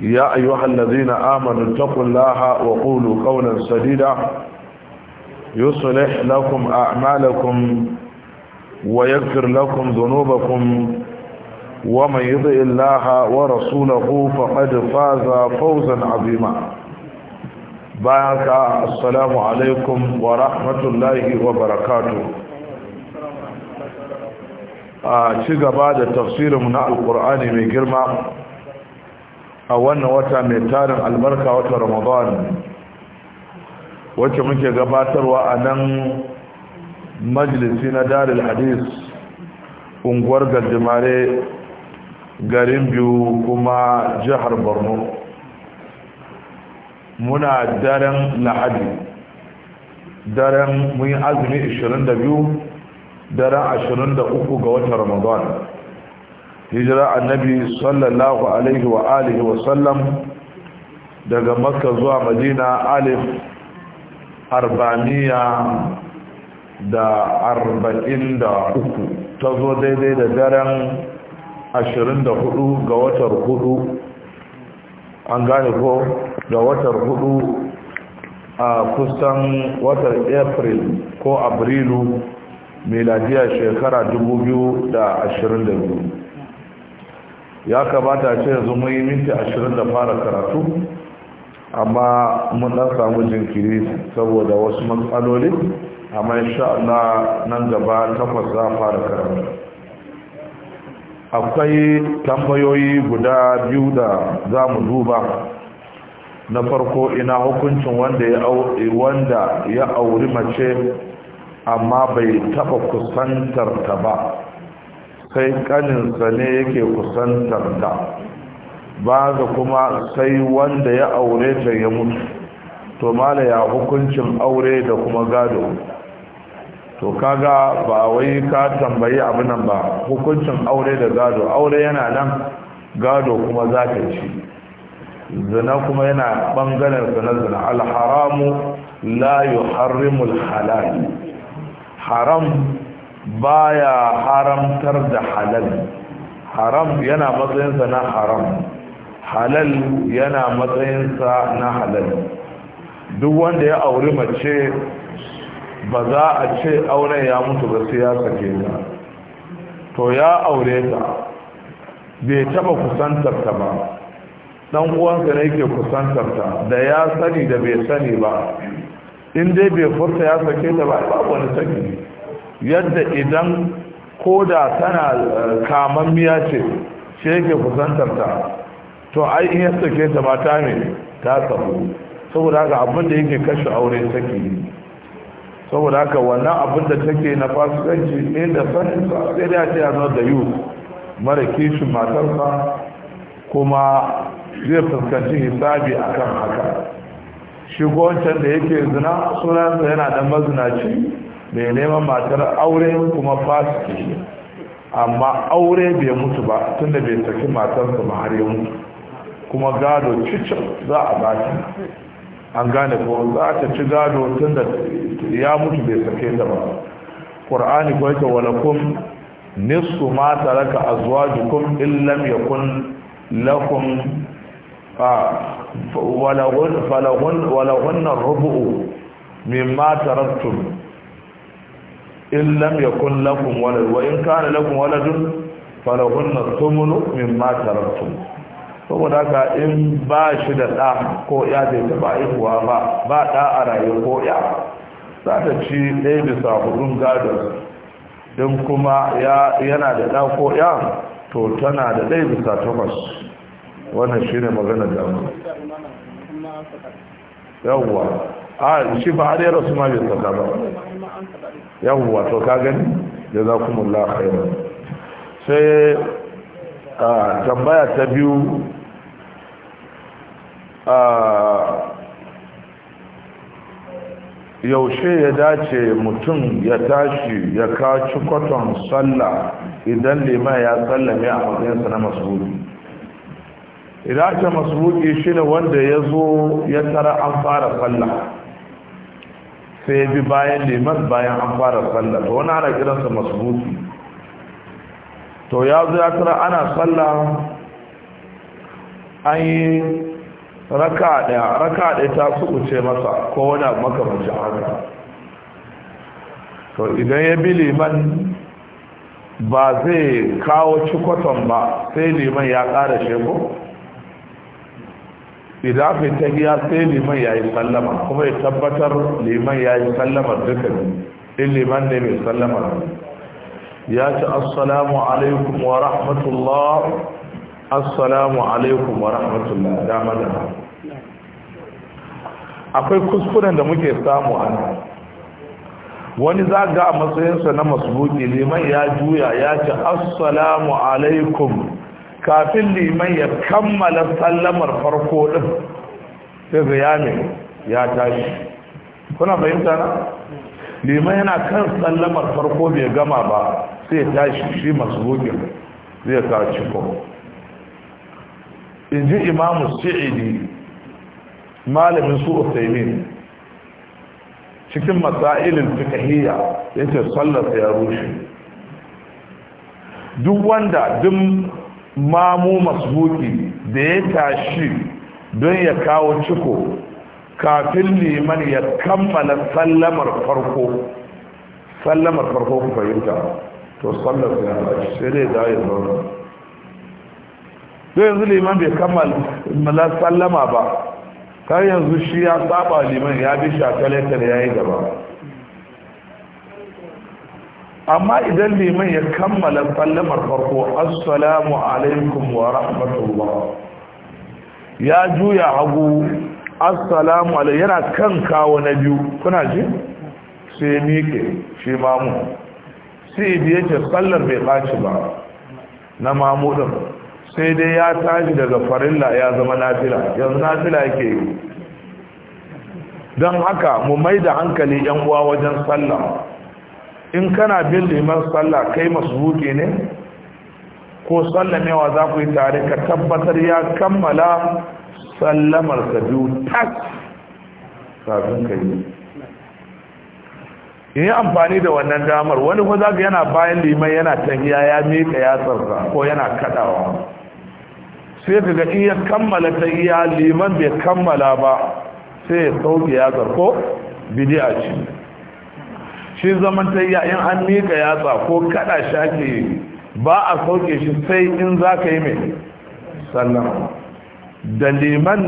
يا أيها الذين آمنوا اتقوا الله وقولوا قولا سديدا يصلح لكم أعمالكم ويغفر لكم ذنوبكم ومن يطع الله ورسوله فقد فاز فوزا عظيما بارك السلام عليكم ورحمة الله وبركاته آه ci بعد da من القرآن من mai a wannan wata mai tarin albarka wata ramadan wacce muke gabatarwa a nan majalisi na daril hadis unguwar gajimare garin biyu kuma jihar borno muna daren lahadi daren mun yi azumi 22 daren 23 ga watan ramadan hijira annabi sallallahu alaihi wa alihi wa sallam daga makka zuwa madina alif arba'miya da arba'in da uku ta zo daidai da daren ashirin da hudu ga watar hudu an gane ko ga watar hudu a kusan watar april ko abrilu meladiya shekara 2022 ya kamata ce yanzu mun yi minti ashirin da fara karatu amma mun ɗan samu jinkiri saboda wasu matsaloli amma insha Allah nan gaba takwas za fara karatu akwai tambayoyi guda biyu da za mu duba na farko ina hukuncin wanda ya wanda ya auri mace amma bai taba kusantar ta ba sai kaninsa ne yake kusantar ta ba da kuma sai wanda ya aure ta ya mutu to mala ya hukuncin aure da kuma gado to kaga ba wai ka tambayi abin nan ba hukuncin aure da gado aure yana nan gado kuma za ta ci zina kuma yana bangaren zina zina alharamu la yuharrimul halal haram baya haramtar da halal haram yana matsayinsa na haram halal yana matsayinsa na halal duk wanda ya auri mace ba za a ce auren ya mutu ba sai ya sake ta to ya aure ta bai taba kusantar ta ba dan uwansa ne yake kusantar ta da ya sani da bai sani ba in dai bai furta ya sake ta ba babu wani saki yadda idan koda tana eh, kamammiya ce shi yake kusantar to ai in ya ke ta mata ne ta sabu saboda haka abin da yake kashe aure take saboda haka wannan abin da take na fasikanci inda eh, sanin sa sai da ce da yu mara kishin matarsa kuma zai fuskanci hisabi akan haka shi wancan da yake zina sunansa yana da mazinaci mai neman matar aure kuma fasiki ne amma aure bai mutu ba tunda bai saki matarsa ba har yau? kuma gado cicin za a bata an gane ko za ta ci gado tunda ya mutu bai sake ta ba ƙwar'ani ko yake kun nisu ma taraka azwajukum illam yakun lakum ولهن ma مما tun. in lam yakun lakum walad wa in kana lakum waladun falahunna thumnu mimma taraktum saboda haka in ba shi da ɗa ko ya bai taɓa haihuwa ba ba ɗa a rayu ko ya za ta ci ɗaya bisa hudun gado don kuma yana da ɗa ko ya to tana da ɗaya bisa takwas wannan shi ne magana damu yawwa a shi ba har ya rasu ma bai sauka ba yahu wato ka gani za jazakumullahu khairan sai a tambaya ta biyu a yaushe ya dace mutum ya tashi ya kaci kwaton sallah idan liman ya sallame a matsayinsa na masuruki idan ake masuruki shi ne wanda ya zo ya tara an fara sallah sai bi bayan liman bayan an fara tsalla to wani ana kiransa masbuti to ya zo ya ana sallah an yi raka daya raka daya ta sukuce masa ko wani makamancin haka to idan ya bi liman ba zai kawo cikoton ba sai liman ya ƙara shekau idan aka yi tahiya sai liman ya yi sallama kuma ya tabbatar liman ya yi sallamar duka ne in liman ne mai sallama ya ce assalamu alaikum wa rahmatullah assalamu alaikum wa rahmatullah dama da akwai kuskuren da muke samu a nan wani zaga a matsayinsa na masbuki liman ya juya ya ce assalamu alaikum kafin liman ya kammala sallamar farko din sai bayani ya tashi kuna fahimta na liman yana kan sallamar farko bai gama ba sai ya tashi shi masu gogin zai ka ciko in ji imamu sa'idi malamin su usaimin cikin masailin fikahiyya ya ce sallarsa ya rushe duk wanda duk mamu masbuki da ya tashi don ya kawo ciko kafin liman ya kammala sallamar farko sallamar farko ku fahimta to sallar ya tashi sai dai da ya zauna don yanzu liman bai kammala sallama ba kar yanzu shi ya saba liman ya bi shakale ya yi gaba amma idan liman ya kammala sallamar farko assalamu alaikum wa rahmatullah ya juya hagu assalamu alaikum yana kan kawo na biyu kuna ji sai miƙe shi mamu sai biye ce sallar bai ɓaci ba na mamu ɗin sai dai ya tashi daga farilla ya zama nafila yanzu nafila yake yi don haka mu mai da hankali yan uwa wajen sallah in kana bin liman sallah kai masbuki ne ko sallamewa za ku yi tare ka tabbatar ya kammala sallamar ka biyu tas kafin ka yi yi amfani da wannan damar wani ko zaka yana bayan liman yana tahiya ya ya tsarsa ko yana kadawa sai ka ga iya kammala iya liman bai kammala ba sai ya sauke yatsar ko bidiya ce shi zaman tayya in an mika yatsa ko kada shi ake yi ba a sauke shi sai in za ka yi mai sannan da liman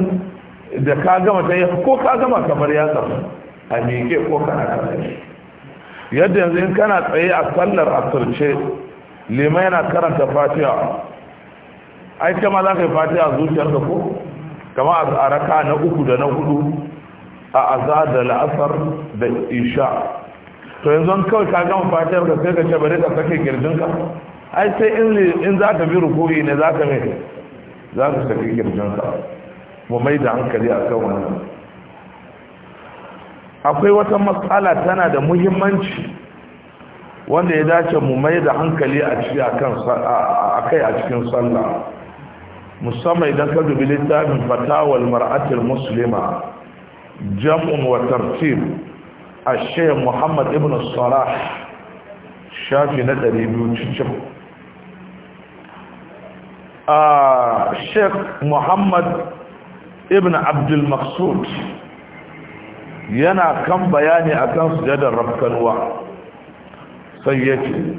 da ka gama ta yi ko ka gama kamar yatsa a miƙe ko kana shi yadda yanzu in kana tsaye a sallar a asirce liman yana karanta fatiha ai kama za ka yi fatiha da ko kama a raka na uku da na hudu a azar da la'asar da isha to yanzu kawai ka gama fatiyar ka sai ka ce bari ka sake girjinka ai sai in za ka bi rukuyi ne za ka mai za ka sake girjinka mu mai da hankali a kan wannan akwai wata matsala tana da muhimmanci wanda ya dace mu mai da hankali a kai a cikin sallah musamman idan ka dubi littafin fatawal mar'atul muslima jam'un wa tartib الشيخ محمد ابن الصلاح شافي ندري بيوتشيب آه، الشيخ محمد ابن عبد المقصود ينا كم بياني أكن سجد الرب كنوا سيتي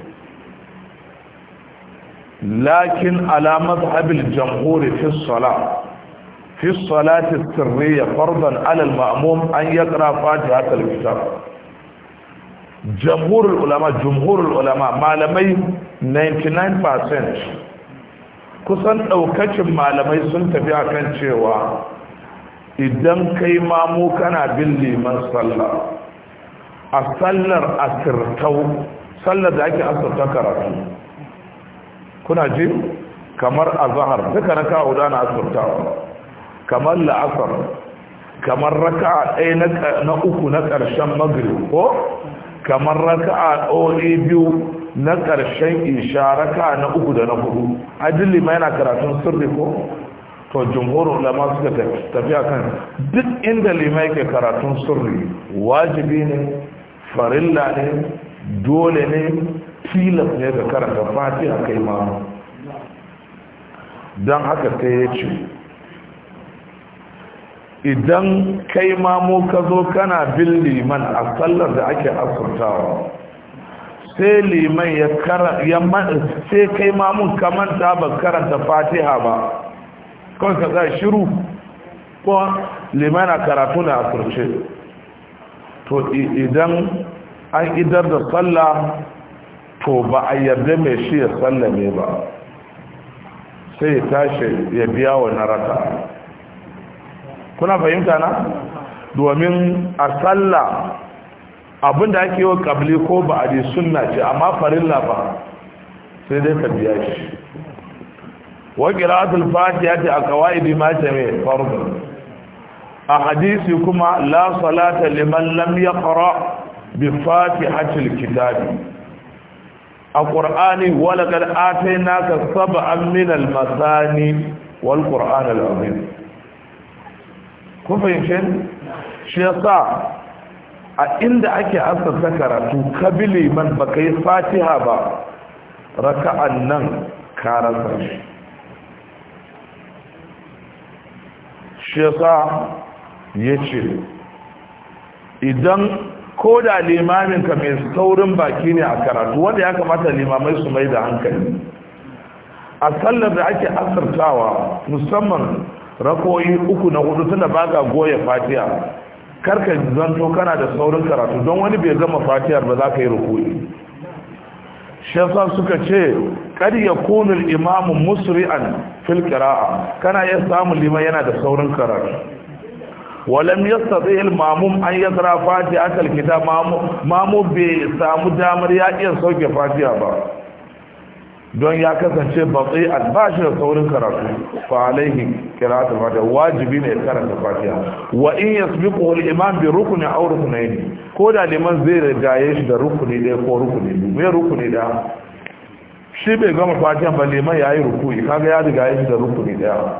لكن على مذهب الجمهور في الصلاة fi salati sirriya alal ma'mum an yaqra fatiha al-kitab jamhurul ulama jumhurul ulama malamai 99% kusan ɗaukacin malamai sun tafi akan cewa idan kai mamu kana bin liman sallah a sallar asirtau sallar da ake asirta karatu kuna ji kamar azhar duka raka udana asirtawa kamar la'asar kamar raka'a ɗaya na uku na ƙarshen magrib ko kamar raka'a ɗaure biyu na ƙarshen isha raka na uku da na hudu adili ma yana karatun sirri ko to jumhur ulama suka tafi kan duk inda limai ke karatun sirri wajibi ne farilla ne dole ne tilas ne ga karanta fatiha kai ma don haka sai ya ce idan kai mamu ka zo kana bin liman a sallar da ake asurtawa sai liman ya karanta sai kai mamun kamanta ba karanta fatiha ba kawai ka za shiru ko liman a karatu da asurce to idan an idar da sallah to ba a yarda mai shi ya sallame ba sai ya tashi ya biya wa na raka kuna fahimta na domin a sallah abinda ake yi wa kabli ko ba a sunna ce amma farilla ba sai dai ka biya shi wa qira'atul fatiha ta aqwaidi ma ta mai fardu a hadisi kuma la salata liman lam yaqra bi fatihatil kitabi a qur'ani wa laqad atainaka sab'an min al masani wal qur'an al kun shi ya sa a inda ake asasa karatu kabili man ba yi fatiha ba raka'an nan karasar shi shi ya sa ya ce idan ko da limaminka mai saurin baki ne a karatu wanda ya kamata limamai su mai da hankali a sallar da ake asartawa musamman rakoyi uku na hudu tunda ba ga goya Kar karka zanto kana da saurin karatu don wani bai gama fatiyar ba za ka yi rukuyi Shafa suka ce kar ya kunul imamu musri'an fil qira'a kana ya samu liman yana da saurin karatu walam yastati al mamum an yaqra fatiha al kitab mamu bai samu damar ya iya sauke fatiha ba don ya kasance batsi a bashi da saurin karatu fa alaihi qira'atul fatiha wajibi ne karanta fatiha wa in yasbiqu al imam bi rukni aw ruknayn ko da liman zai rigaye shi da rukuni ɗaya ko rukuni biyu me rukuni da shi bai gama fatiha ba liman yayi ruku'i kaga ya rigaye shi da rukuni ɗaya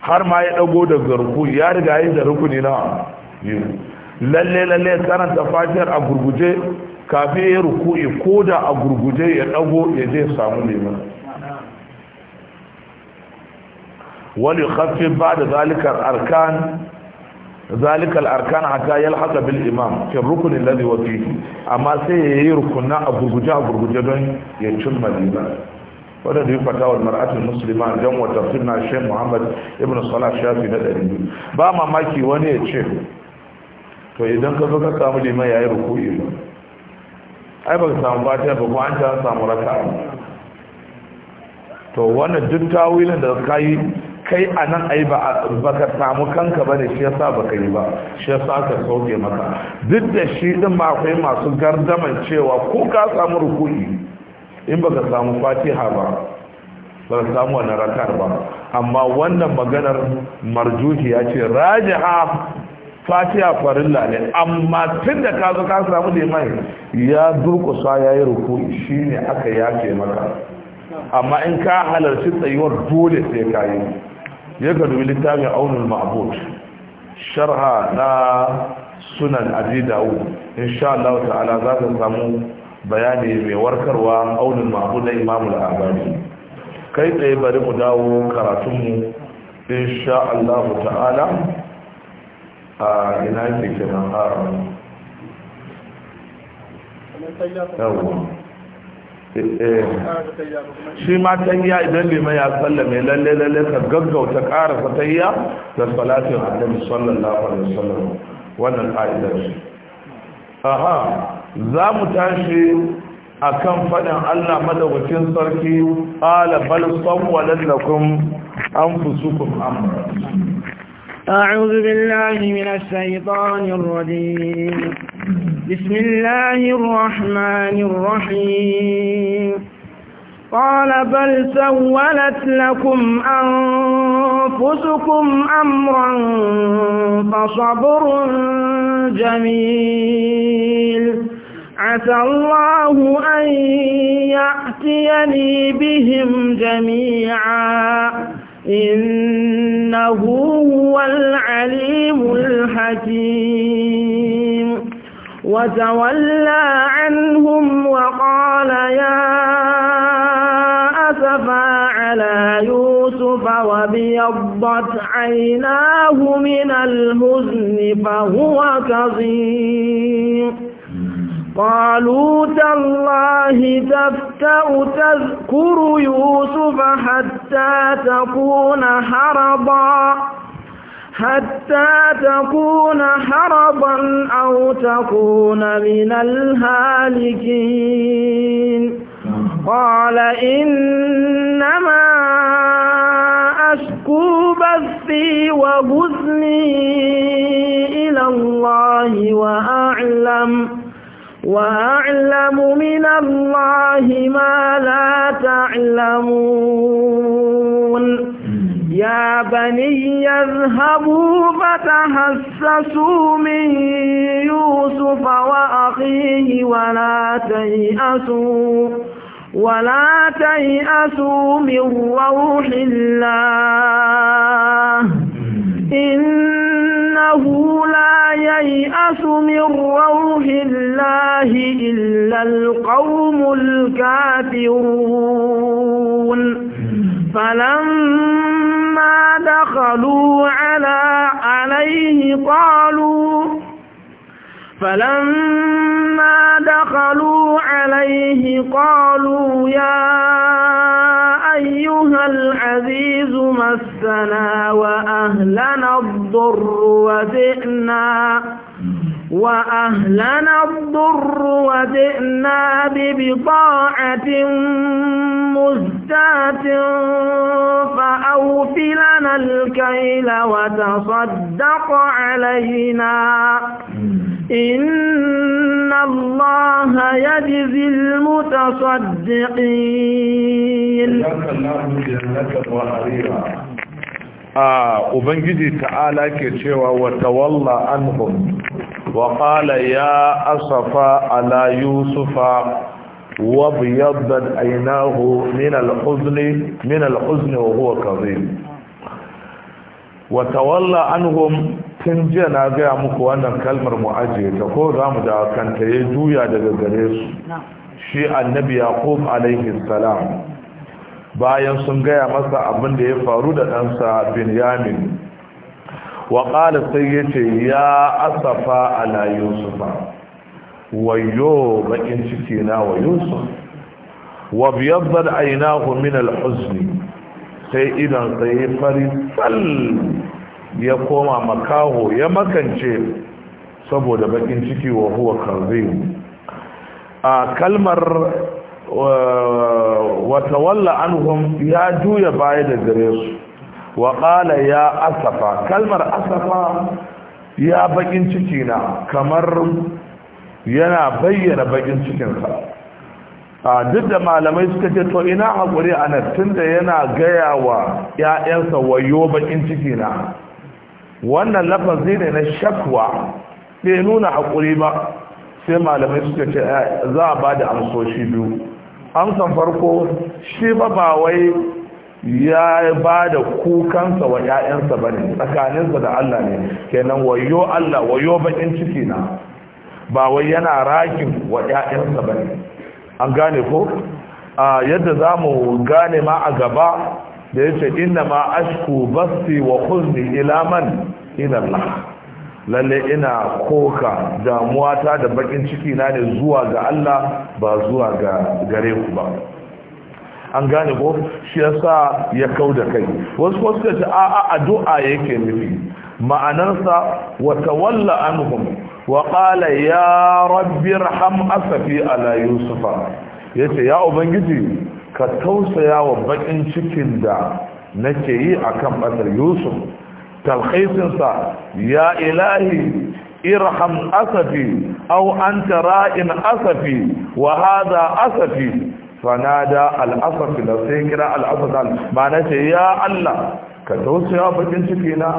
har ma ya dago daga rukuni ya rigaye shi da rukuni na lalle lalle karanta fatiha a gurguje kafin ya ruku'i ko da a gurguje ya dago ya je samu neman wani kafin ba da zalikar arkan zalikal arkan hatta yalhaqa bil imam fi rukuni lalai wafi amma sai ya yi rukunna a gurguje a gurguje don ya cimma liman wadda da yi fatawar maratun musulma don wata suna shan muhammad ibn sala shafi na ɗari ba mamaki wani ya ce to idan ka zo ka samu neman ya yi rukuni ba ai ba samu fatiha ba ko an ta samu raka to wannan duk tawilin da ka yi kai a nan ai ba ka samu kanka bane shi yasa ka yi ba shi yasa ka sauke maka duk da shi din ma akwai masu gardaman cewa ko ka samu ruku'i in ba ka samu fatiha ba ba ka samu wannan rakar ba amma wannan maganar marjuhi ya ce rajiha Fatiya farin ne amma tun da ka zo ka samu limai ya durkusa ya yi rukuni shi ne aka yake maka amma in ka halarci tsayuwar dole sai ka yi ya ka dubi littafin aunin ma'abut sharha na sunan abi da'ud insha Allah ta'ala za ka samu bayani mai warkarwa aunin ma'abut na al abani kai tsaye bari mu dawo karatunmu insha Allah ta'ala a ina ke kenan haram eh, eh. shi ma tayya idan liman ya sallame lalle lalle ka gaggauta yi tayya da salatin annabi sallallahu alaihi wasallam wannan ka'idar shi aha za mu tashi kan fadin Allah madawacin sarki qala bal sawwalat lakum kun amra أعوذ بالله من الشيطان الرجيم بسم الله الرحمن الرحيم قال بل سولت لكم أنفسكم أمرا فصبر جميل عسى الله أن يأتيني بهم جميعا إنه هو العليم الحكيم وتولى عنهم وقال يا أسفا على يوسف وبيضت عيناه من الهزن فهو كظيم قالوا تالله تفتأ تذكر يوسف حتى تكون حربا حتى تكون حربا أو تكون من الهالكين قال إنما أشكو بثي وبثني إلى الله وأعلم وأعلم من الله ما لا تعلمون يا بني يذهبوا فتحسسوا من يوسف وأخيه ولا تيأسوا ولا تيأسوا من روح الله إنه ييأس من روح الله إلا القوم الكافرون فلما دخلوا على عليه قالوا فلما دخلوا عليه قالوا يا أيها العزيز مسنا وأهلنا الضر وجئنا وأهلنا الضر وجئنا ببضاعة مزجاة فأوفلنا الكيل وتصدق علينا إن الله يجزي المتصدقين a ubangiji ta'ala ke cewa wa tawalla anhum wa qala ya asafa ala yusufa wa biyaddat aynahu min al-huzni min al wa huwa kadhib wa tawalla anhum tun jiya na gaya muku wannan kalmar mu ajiye ta ko za mu da kanta ya juya daga gare su shi annabi yaqub alaihi salam bayan sun gaya masa abin da ya faru da ɗansa binyamin wa sai ya ce ya asafa ala yusufa wayo bakin ciki na wa yusuf wa aina min al-huzni sai idan sai fari sal ya koma makaho ya makance saboda bakin ciki wa huwa karzai a kalmar wa anhum ya juya baya da gare su wa qala ya asafa kalmar asafa ya bakin ciki na kamar yana bayyana bakin cikinsa a duk da malamai suka ce to ina haƙuri a nan tunda yana gaya wa ‘ya'yansa wayo bakin ciki na wannan lafazi ne na shakwa bai nuna haƙuri ba sai malamai suka ce za a ba da amsoshi biyu amsan farko shi ba ya ba da kukansa wa ‘ya'yansa ba ne tsakaninsa da Allah ne kenan wayo Allah wayo bakin ciki na ba wai yana rakin wa ‘ya'yansa ba ne an gane ko a yadda za mu gane ma a gaba da yace inna ma ashku basti wa huzni ila man ila Allah lalle ina koka damuwata da bakin ciki na ne zuwa ga Allah ba zuwa ga gare ku ba an gane ko shi yasa ya kau da kai wasu wasu ce a a addu'a yake nufi ma'anarsa wa tawalla anhum wa qala ya rabbi irham asafi ala yusufa yace ya ubangiji ka tausaya wa bakin cikin da nake yi akan batar yusuf talhisinsa ya ilahi irham asafi aw anta ra'in asafi wa hadha asafi fanada al'asaf da sai kira al'asaf ba na ya Allah ka tausaya bakin ciki na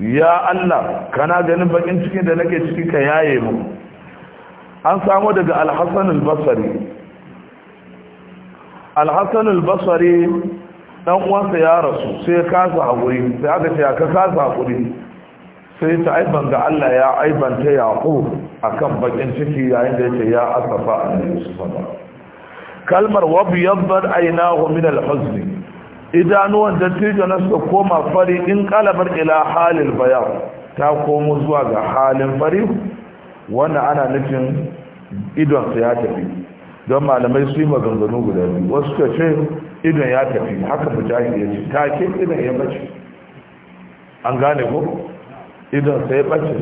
ya Allah kana ganin bakin cikin da nake ciki ka yaye mu an samu daga al-Hasan al-Basri al-Hasan al-Basri dan uwansa ya rasu sai ya kasa hakuri sai aka ce ka kasa hakuri sai ta aiban ga Allah ya aibanta a kan bakin ciki yayin da yake ya asafa annabi yusuf kalmar wabyaddat aynahu min al-huzn idanuwan dattijo na suka koma fari in kalabar ila halin bayan ta komo zuwa ga halin fari wanda ana nufin idonsa ya tafi don malamai su yi maganganu guda biyu wasu ka ce idan ya tafi haka mujahid ya ce take idan ya bace an gane ko idan sai bace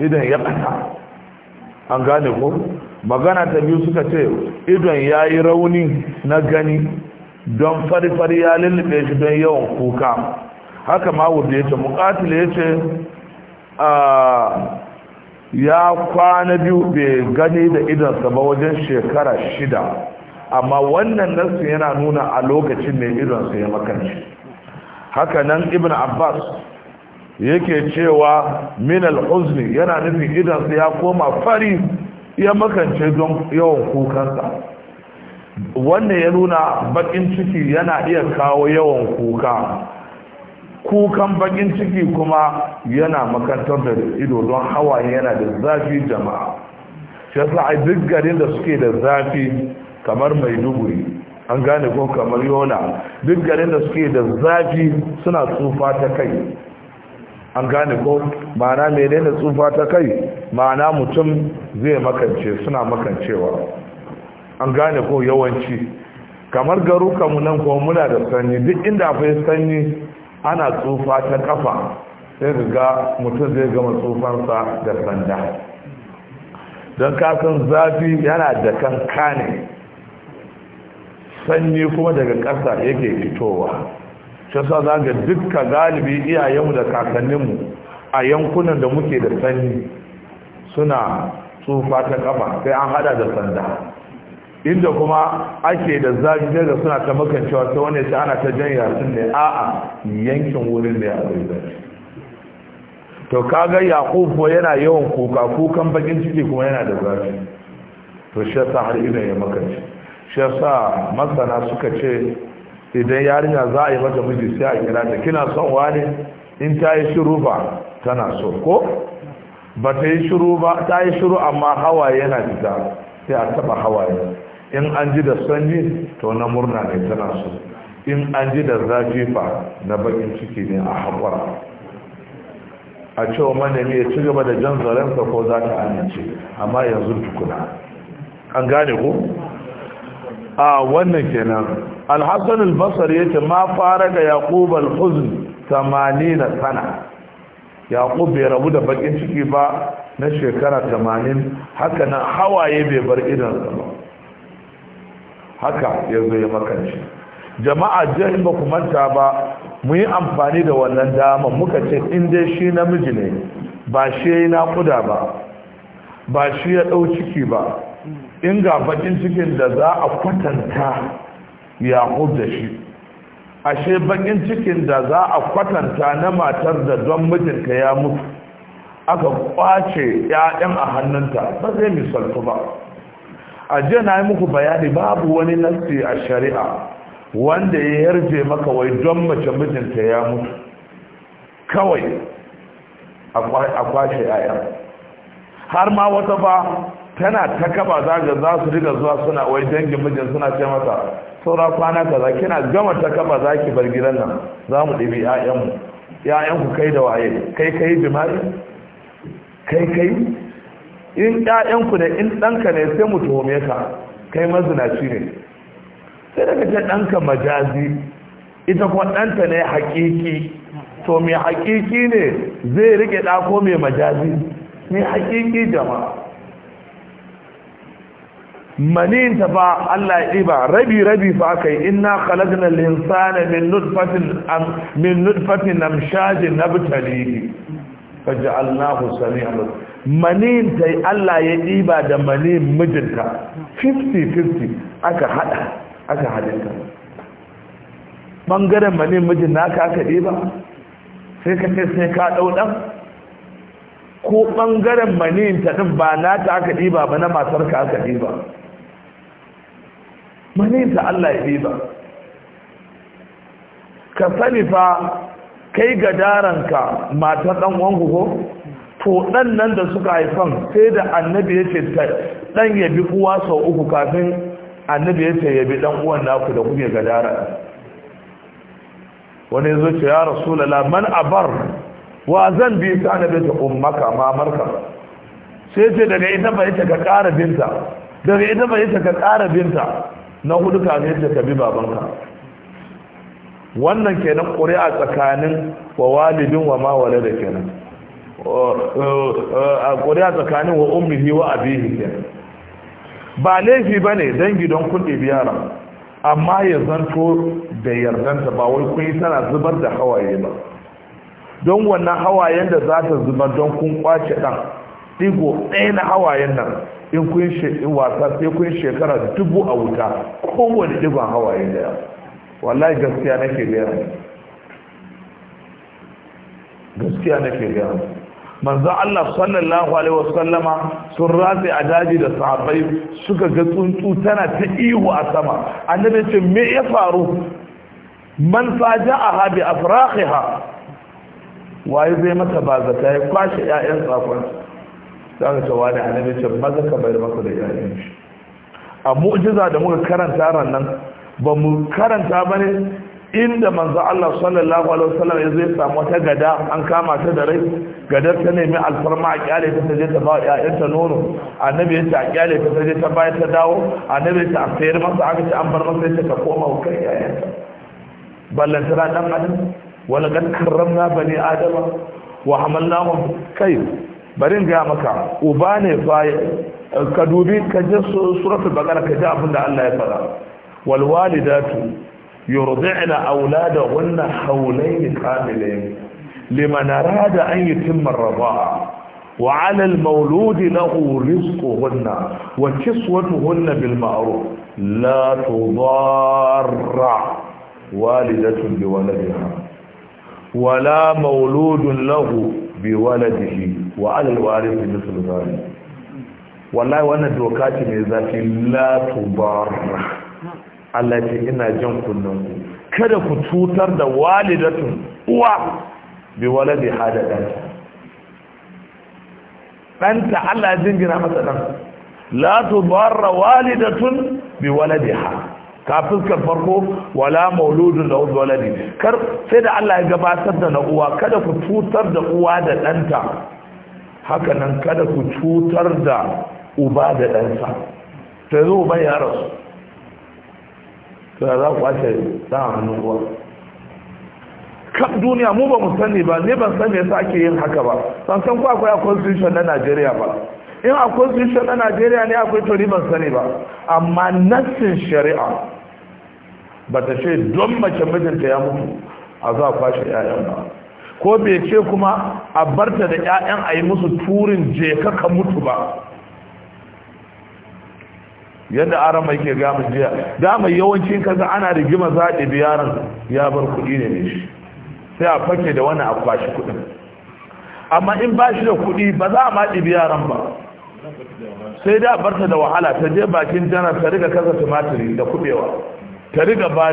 idan ya bata an gane ko magana ta biyu suka ce idan ya yi rauni na gani don fari-fari ya lullube shi don yawan kuka haka wurde ya ce mukatil ya ce ya kwana biyu bai gani da idansa ba wajen shekara shida amma wannan nasu yana nuna a lokacin mai idonsa ya makarci haka nan ibn abbas yake cewa min al-huzni yana nufin idonsa ya koma fari ya makance don yawan kukansa wannan ya nuna bakin ciki yana iya kawo yawan kuka kukan bakin ciki kuma yana makantar da ido don hawaye yana da zafi jama'a shi yasa a duk garin da suke da zafi kamar maiduguri an gane ko kamar yona duk garin da suke da zafi suna tsufa ta kai an gane ko ma'ana ne tsufa ta kai ma'ana mutum zai makance suna makancewa an gane ko yawanci kamar garukanmu nan ko muna da sanyi duk inda akwai sanyi ana tsufa ta kafa sai ga mutum zai gama tsufansa da sanda don kasan zafi yana da kankane. kane sanyi kuma daga ƙasa yake fitowa shi sa za ga dukka galibi iyayenmu da kakanninmu a yankunan da muke da sanyi suna tsufa ta ƙafa sai an hada da sanda inda kuma ake da zafi daga suna ta makancewa ta wani ta ana ta janya sun ne a'a yankin wurin ne a zai to kaga yaqub ko yana yawan kuka kukan bakin ciki kuma yana da zafi to shi sa har idan ya makance shi yasa masana suka ce idan yarinya za a yi mata miji sai a kira ta kina son wani in ta yi shiru ba tana so ko ba ta yi shiru ba ta yi shiru amma hawaye yana fita sai a taba hawaye in an ji da sanyi to na murna ne tana so in an ji da zafi fa na bakin ciki ne a haƙura a cewa manemi ya ci gaba da jan zarensa ko za ta amince amma yanzu tukuna an gane ko a wannan kenan al-hasan al-basri yace ma fara ga yaqub al-huzn 80 sana yaqub bai rabu da bakin ciki ba na shekara 80 haka nan hawaye bai bar idan ba haka yanzu ya makanci jama'a jahin ba manta ba mu yi amfani da wannan dama muka ce in dai shi namiji ne ba shi ya yi naƙuda ba ba shi ya ɗau ciki ba in ga bakin cikin da za a kwatanta ya da shi ashe bakin cikin da za a kwatanta na matar da don mijinta ya mutu aka kwace ya'yan a hannunta ba zai misaltu ba a jiya na yi muku bayani babu wani nasi a shari'a wanda ya yarje maka wai don mace mijinta ya mutu kawai a kwashe ya'yan har ma wata ba tana ta kaba ga za su riga zuwa suna wai dangin mijin suna ce masa saura kwana kaza kina gama ta kaba za ki bar gidan nan za mu ɗibi ƴaƴanmu ƴaƴanku kai da waye kai kai jima'i kai kai in ƴaƴanku ne in ɗanka ne sai mu tuhume ka kai mazinaci ne sai daga ce ɗanka majazi ita kuma ɗanta ne haƙiƙi to mai haƙiƙi ne zai riƙe ɗako mai majazi mai haƙiƙi jama'a manin ta fa Allah ya ɗiba rabi rabi fa aka yi inna khalaqna al-insana min nutfatin am min nutfatin amshajin nabtalihi faj'alnahu sami'an manin ta Allah ya ɗiba da manin mijinta 50-50 aka hada aka hadinta bangaren manin mijin naka aka ɗiba sai ka ce sai ka ɗau ko bangaren manin din ba na ta aka ɗiba ba na matarka aka ɗiba maninta Allah ya ba ka sani fa kai ga daranka matar dan wangu ko to dan nan da suka haifan sai da annabi ya ce dan ya bi uwa sau uku kafin annabi ya ce ya bi dan uwan naku da kuke ga daran wani ya zo ce ya rasulullah man abar wa zan bi ta annabi ta ummaka mamarka sai ce daga ita bai ta ka kara binta daga ita bai ta ka kara binta na hudu ka ne ta kabi babanka wannan kenan ƙuri'a tsakanin wa walidin wa ma da kenan ƙuri'a tsakanin wa ummihi wa abihi kenan ba laifi ba ne dangi don kun biyara. yara amma ya zanto da yardanta ba wai kun yi tana zubar da hawaye ba don wannan hawayen da za ta zubar don kun kwace ɗan ɗigo ɗaya na hawayen nan in kun in wasa sai kun shekara dubu a wuta kowane digon hawaye daya wallahi gaskiya nake gaya gaskiya nake gaya manzo Allah sallallahu alaihi wasallama sun ratse a daji da sahabbai suka ga tsuntsu tana ta ihu a sama annabi ce me ya faru man faja'aha bi afraqiha waye zai mata bazata ya kwashe ƴaƴan tsakon za ka cewa da annabi ce maza ka bai maka da yayin a mu'jiza da muka karanta ran nan ba mu karanta ba ne inda manzo Allah sallallahu alaihi wasallam ya zai samu ta gada an kama ta da rai gadar ta nemi alfarma a kyale ta je ta ba ƴaƴan ta nono annabi ya ta a kyale ta je ta bayar ta dawo annabi ya ce a sayar masa aka ce an bar masa ya ce koma kai ƴaƴan ta ballantana dan adam wala kad karramna bani adama wa hamalnahum kai barin ga maka uba ne ka dubi ka ji suratul baqara ka ji abin da Allah ya faɗa walwalidatu walidatu yurdi'na auladahunna hawlayn kamilayn liman arada an yutimma ar-rida'a wa 'ala al-mawlud lahu rizquhunna wa kiswatuhunna bil ma'ruf la tudarra walidatun biwaladiha wala mawludun lahu biwaladihi wa alal warith mislu zalik wallahi wannan doka ce mai zafi latubarra. tubarra Allah ce ina jan kunnen ku kada ku cutar da walidatun uwa biwaladi hada ɗanta. Ɗanta Allah ya jingina masa ɗan. Latubarra la tubarra walidatun biwaladiha ta fuskar farko wala mauludun da waladi kar sai da Allah ya gabatar da na uwa kada ku cutar da uwa da ɗanta haka nan kada ku cutar da uba da ɗansa ta zo ba ya rasu ta za ku kwace ɗan hannun uwa kan duniya mu ba mu sani ba ne ban san me yasa ake yin haka ba san san ko akwai constitution na Najeriya ba in akwai constitution na Najeriya ne akwai to ban sani ba amma nassin shari'a ba ta ce don mace mijinta ya mutu a za a kwashe 'ya'yan ba ko bai ce kuma a barta da 'ya'yan a yi musu turin je ka mutu ba yadda arama yake gama jiya dama yawancin kaza ana rigima zaɗi biyaran ya bar kuɗi ne ne shi sai a fake da wani a kwashe kuɗin amma in ba shi da kuɗi ba za a maɗi biyaran ba sai da barta da wahala ta je bakin janar ta riga kasa tumatiri da kuɓewa ta riga ba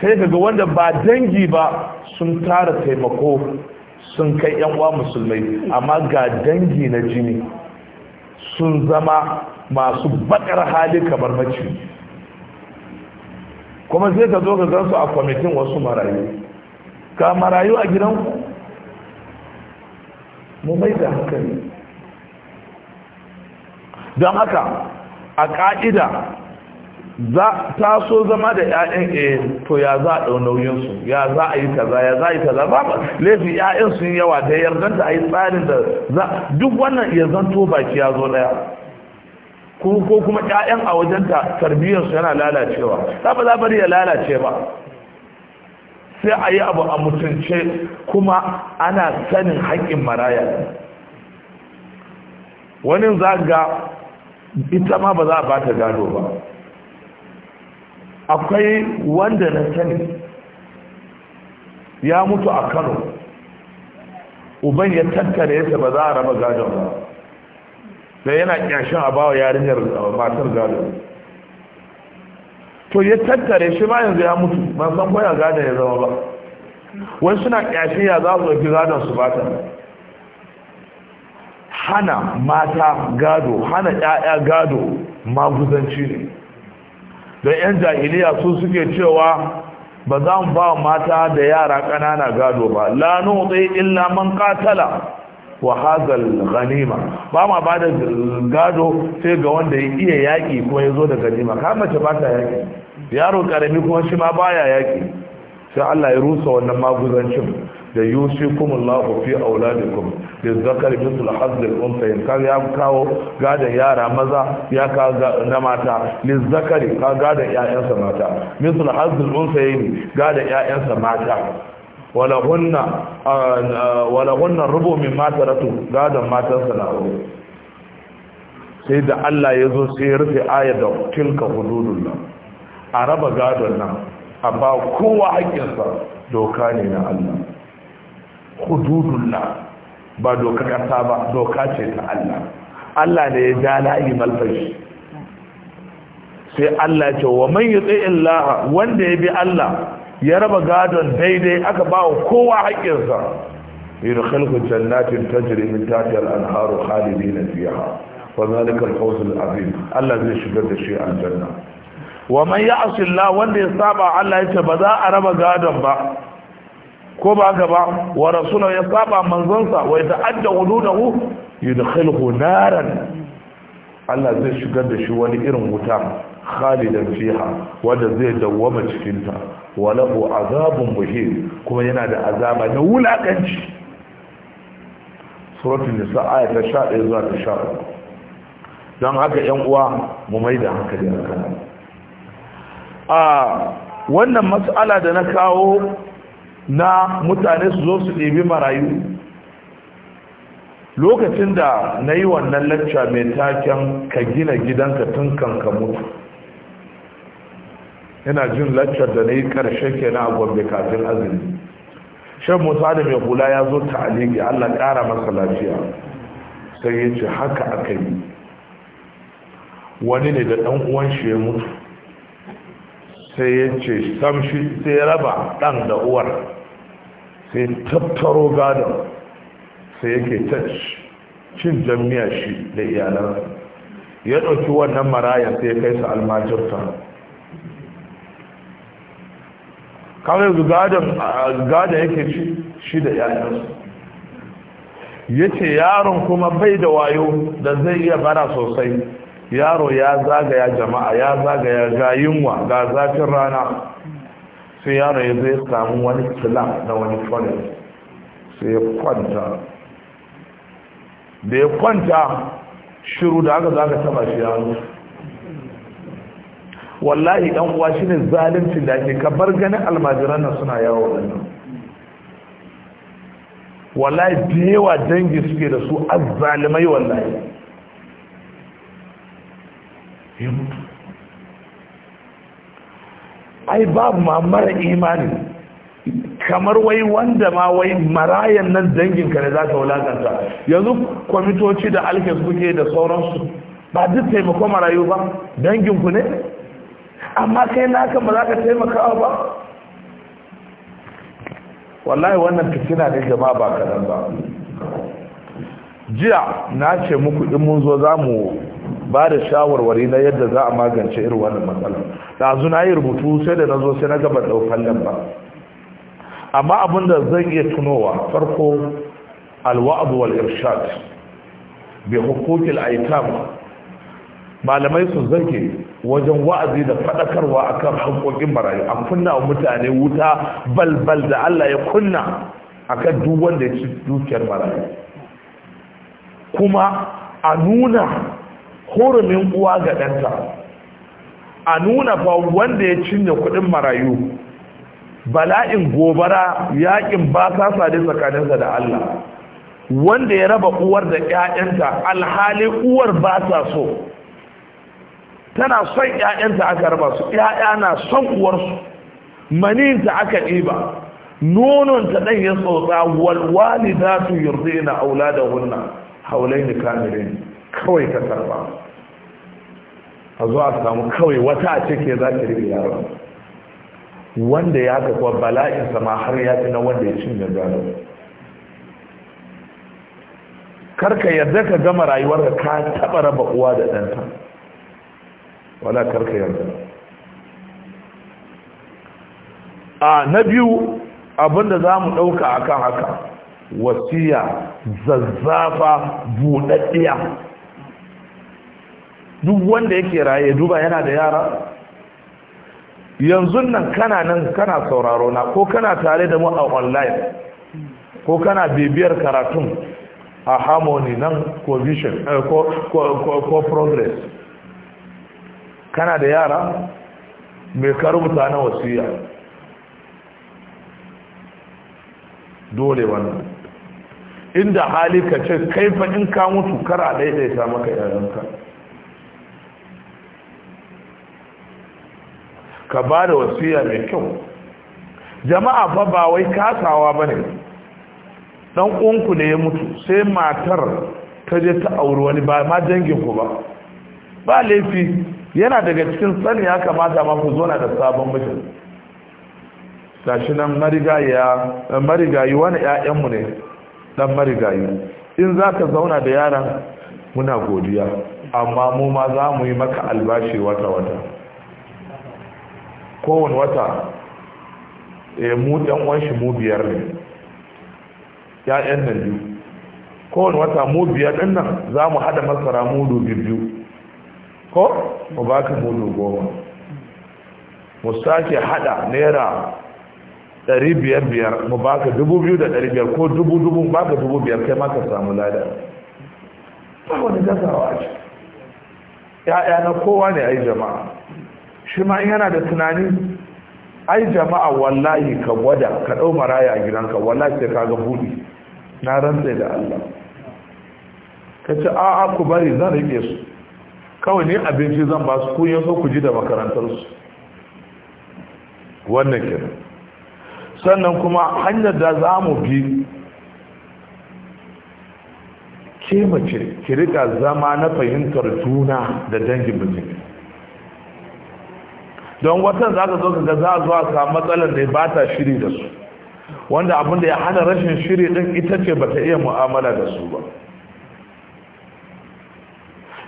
sai daga wanda ba dangi ba sun tara taimako sun kai yan uwa musulmai amma ga dangi na jini sun zama masu bakar hali kamar maci kuma sai ka zo ka gansu a kwamitin wasu marayu ka marayu a gidanku mu mai da hankali don haka a ka'ida. za ta so zama da ƴaƴan eh to ya za a ɗau nauyin ya za a yi kaza ya za a yi kaza ba ba laifin ƴaƴan sun yawa da yardan da a yi tsarin da duk wannan ya zanto baki ya zo ɗaya ko kuma ƴaƴan a wajen wajenta tarbiyyarsu yana lalacewa ta ba za bari ya lalace ba sai a yi abu a mutunce kuma ana sanin haƙƙin maraya wani za ga ita ma ba za ba ta gado ba akwai wanda na sani ya mutu a kano uban ya tattare yasa ba za a raba gadon ba sai yana kyashin a bawa yarinyar matar gadon to ya tattare shi ma yanzu ya mutu ba san kwaya gadon ya zama ba wai suna kyashi ya za su ɗauki gadon su ba hana mata gado hana 'ya'ya gado maguzanci ne don 'yan jahiliya su suke cewa ba za mu ba mata da yara ƙanana gado ba la nuɗe illa man katala wa hazal ganima ba ma ba da gado sai ga wanda ya iya yaƙi ko ya zo da ganima ka mace ba ta yaƙi yaro ƙarami kuma shi ma baya yaƙi sai Allah ya rusa wannan maguzancin da yushikumullahu fi auladikum lizzakari mithlu hazzil unsayin ka ya kawo gadan yara maza ya ka na mata lizzakari ka gadan ƴaƴansa mata mithlu hazzil unsayin gadan ƴaƴansa mata wala hunna wala rubu min mataratu gadan matansa na hudu sai da Allah ya zo sai ya rufe ayar da tilka hududullah a raba gadon nan a ba kowa haƙƙinsa doka ne na Allah hududullah ba doka kasa ba doka ce ta Allah Allah ne ya ja layi malfashi sai Allah ce wa man yuti illaha wanda ya bi Allah ya raba gadon daidai aka ba kowa haƙƙinsa yudkhilhu jannatin tajri min tahtiha al-anharu khalidina fiha wa zalika al-fawz al-azim Allah zai shigar da shi aljanna wa man ya'si Allah wanda ya saba Allah ya ce ba za a raba gadon ba ko ba haka ba wa rasulun ya saba manzonsa wa ya ta'adda hududahu yudkhiluhu naran Allah zai shigar da shi wani irin wuta khalidan fiha wanda zai dawwama cikin ta wa lahu azabun muhim kuma yana da azaba na wulakanci suratul nisa ayat ta 11 zuwa ta 13 dan haka yan uwa mu maida hankali akan a ah, wannan mas'ala da na kawo na mutane su zo su ɗebi marayu lokacin da na yi wannan lacca mai taken ka gina gidanka tun kanka mutu yana jin laccar da na yi ƙarshe ke na gombe kafin azumi shan musa da mai hula ya zo ta aliki allah ƙara masa lafiya sai ya ce haka aka yi wani ne da ɗan uwan shi ya mutu sai ya ce samshi sai raba ɗan da uwar sai tattaro gadon sai yake tash cin jami'a shi da iyalansa ya ɗauki wannan maraya sai ya kai su almajirta kawai gadon yake shi da su. ya ce yaron kuma bai da wayo da zai iya bara sosai yaro ya zagaya jama'a ya zagaya ga ga zafin rana sai yaro ya zai samu wani slam na wani forest sai ya kwanta da ya kwanta shiru da aka zaka taba shi yaro wallahi dan uwa shi ne zaluncin da ake kabar ganin almajiran nan suna yawo wannan wallahi da yawa dangi suke da su azzalimai wallahi ya mutu ai babu ma mara imani kamar wai wanda ma wai marayan nan danginka ne za ka wulakanta yanzu kwamitoci da alkes kuke da sauransu ba duk taimako marayu ba danginku ne amma kai naka ba za ka taimakawa ba wallahi wannan fitina ne jama'a ba kadan ba jiya na ce muku in mun zo za mu ba da shawarwari na yadda za a magance irin wannan matsala Da azu na yi rubutu sai da na zo sai na gaba daukan nan ba amma abin da zan iya tunowa farko alwa'adu wal irshad bi hukukil aitam malamai su zage wajen wa'azi da faɗakarwa akan haƙoƙin marayu An kunna wa mutane wuta balbal da Allah ya kunna akan duk wanda ya ci dukiyar marayu kuma a nuna hurumin uwa ga ɗanta a nuna fa wanda ya cinye kuɗin marayu bala'in gobara yakin ba ta sadi tsakaninsa da Allah wanda ya raba uwar da ƴaƴanta alhali uwar ba ta so tana son ƴaƴanta aka raba su ƴaƴa na son uwarsu maninta aka ɗiba nonon ta ɗan ya tsotsa wal walidatu yurdina auladahunna haulaini kamilaini kawai ka karba a zo a samu kawai wata a cike za ta yaron wanda ya ka kuwa bala'in sama har ya fi na wanda ya cinye gano karka yarda ka gama rayuwar ka taɓa raba uwa da ɗanta wala karka yarda a na biyu abinda za mu ɗauka akan haka wasiya zazzafa buɗaɗɗiya duk wanda yake raye duba yana da yara yanzu nan kana nan kana sauraro na ko kana tare da mu a online ko kana bibiyar karatun a harmony nan ko vision eh, ko progress kana da yara mai karubuta na wasiya dole wannan inda hali ka ce kaifa in ka mutu kara daidaita maka yaranka. ka ba da wasiya mai kyau jama'a fa ba wai kasawa ba ne ɗan ƙunku ne ya mutu sai matar ta je ta auri wani ba ma danginku ba ba laifi yana daga cikin sani ya kamata ma ku zona da sabon mijin Tashi nan marigayi wani 'ya'yanmu ne dan marigayi in za ka zauna da yaran muna godiya amma mu ma za mu yi maka albashi wata-wata kowane wata eh, mu ɗan wanshi mu biyar ne ya'yan nan biyu kowane wata mu biyar ɗin nan za mu haɗa masara mudu biyu ko mu ba ka mudu goma mu sake haɗa naira ɗari biyar biyar mu ba ka dubu biyu da ɗari biyar ko dubu dubu ba ka dubu biyar kai ma ka samu lada ba wani gazawa ce ya'ya na kowa ne ai jama'a shi ma yana da tunani ai jama'a wallahi ka gwada ka ɗau maraya a gidanka wallahi sai ka buɗi na rantse da Allah ka ce a'a ku bari zan rike su kawai ne abinci zan ba su kun so ku ji da makarantar su? wannan ke sannan kuma hanyar da za mu bi ke mace ki rika zama na fahimtar juna da dangin mutum don watan za ka zo ka za a zuwa samu matsalar da ba ta shiri da su wanda abin da ya hana rashin shiri din ita ce ba ta iya mu'amala da su ba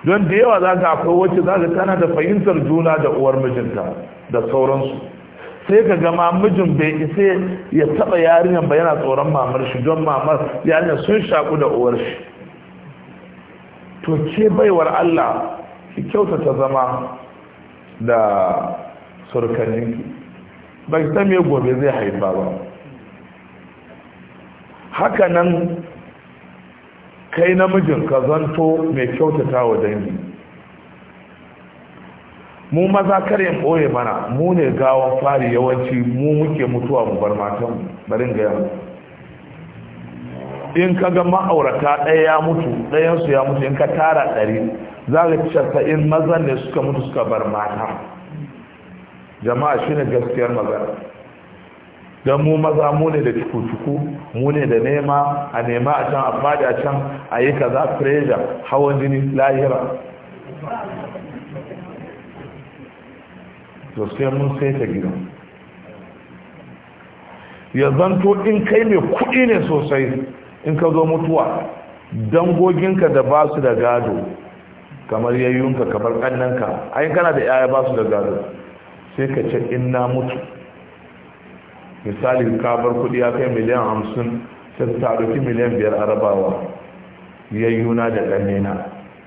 don da yawa za ka akwai wacce za ka tana da fahimtar juna da uwar mijinta da sauransu sai ka gama mijin bai isa ya taba yarinyar ba yana tsoron mamar shi don mamar yarinyar sun shaku da uwar shi to ke baiwar Allah ki kyauta ta zama da surkaninki ba ki san me gobe zai haifa ba haka nan kai namijin ka zanto mai kyautata wa dangi mu maza karin ɓoye mana mu ne gawon fari yawanci mu muke mutuwa mu bar matan barin gaya in ka ga ma'aurata ɗaya ya mutu ɗayansu ya mutu in ka tara ɗari za ka casa'in mazan ne suka mutu suka bar mata jama'a shine gaskiyar magana don mu maza mu ne da cuku-cuku mu ne da nema a nema a can a fadi a can a yi kaza pressure hawan jini lahira to sai mun sai ta gina ya zanto in kai mai kuɗi ne sosai in ka zo mutuwa dangoginka da ba su da gado kamar yayyunka kamar ƙannanka ai kana da yaya ba su da gado sai ka ce in na mutu misali kabar kudi ya kai miliyan hamsin sai ta ɗauki miliyan biyar arabawa yayyuna da ɗannena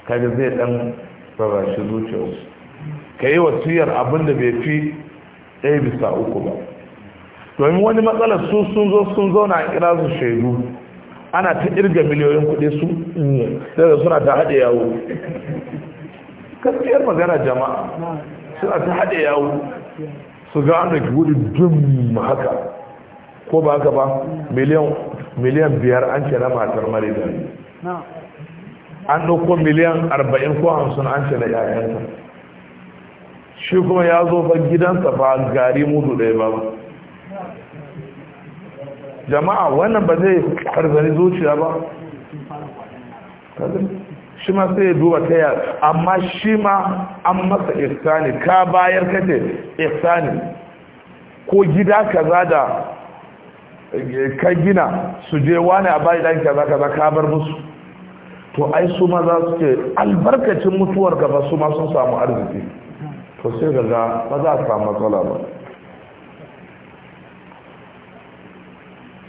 kaji zai ɗan rarashi zuciyarsu ka yi wasiyar abin da bai fi ɗaya bisa uku ba domin wani matsalar su sun zo sun zauna a kira su shaidu ana ta irga miliyoyin kuɗi su sai suna ta haɗe yawo gaskiyar magana jama'a suna ta haɗe yawo su gano ki wuri dun haka ko ba haka ba miliyan biyar an ce na matar marida an ɗauko miliyan arba'in ko hamsin an ce na yayanta shi kuma ya zo fa gidansa ba gari mudu ɗaya ba jama'a wannan ba zai harzani zuciya ba shi ma sai ya duba ta yar amma shi ma an masa ihsani ka bayar kace ihsani ko gida kaza da ka gina su je wani a bayi dan kaza kaza ka bar musu to ai su ma za su ce albarkacin mutuwar ba su ma sun samu arziki to sai gaga ba za su samu matsala ba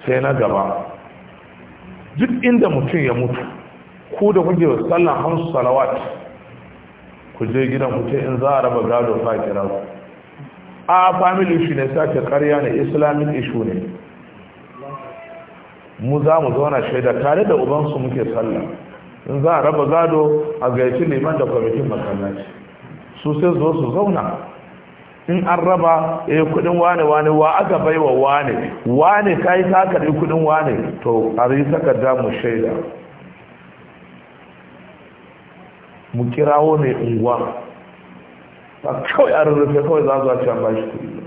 sai na gaba duk inda mutum ya mutu ku da kuke sallan hamsu salawat ku je gidan ku ce in za a raba gado fa kira ku a family issue ne sake karya ne islamic issue ne mu za mu zauna shaida tare da ubansu muke sallah in za a raba gado a gaishe neman da kwamitin masallaci su sai zo su zauna in an raba yi eh, kudin wane wane wa aka baiwa wane wane yi takar yi kudin wane to a yi takarda damu shaida mu kirawo mai unguwa ba kawai a rarrafe kawai za zuwa cewa bashi kuɗi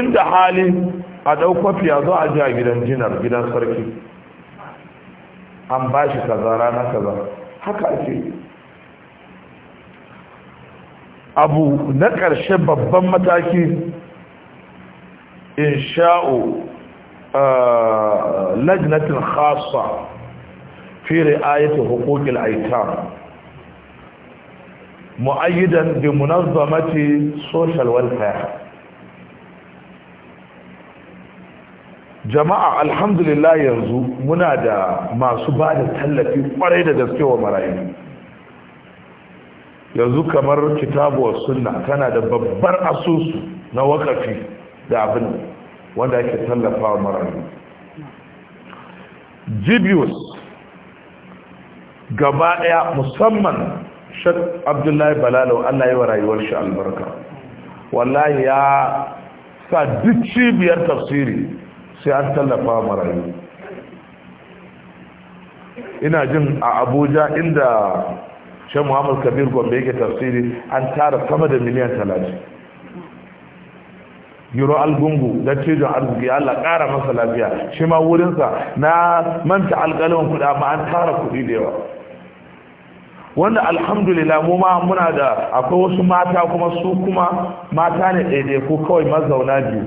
inda hali a daukwafi ya zo a ji a gidan jinar gidan sarki an bashi kaza rana kaza haka ake abu na ƙarshe babban mataki insha'u eh, lajnatin khasa fi ri'ayati huquqil aitam mu'ayyidan bi munazzamati social welfare jama'a alhamdulillah yanzu muna da masu ba da tallafi kwarai da gaske marayu yanzu kamar kitabuwar sunna tana da babbar asusu na wakafi da abin wanda ake tallafa marayu jibius gaba ɗaya musamman shak abdullahi balalau allah yi wa rayuwar shi albarka wallahi ya sa duk cibiyar tafsiri sai an tallafa marayu ina jin a abuja inda shan muhammad kabir gombe yake tafsiri an tara sama da miliyan talatin yuro algungu na cejin arziki allah kara masa lafiya shi ma wurinsa na manta alkalin kuɗi ma an tara kuɗi da yawa wanda alhamdulillah mu ma muna da akwai wasu mata kuma su kuma mata ne daidai ko kawai mazauna biyu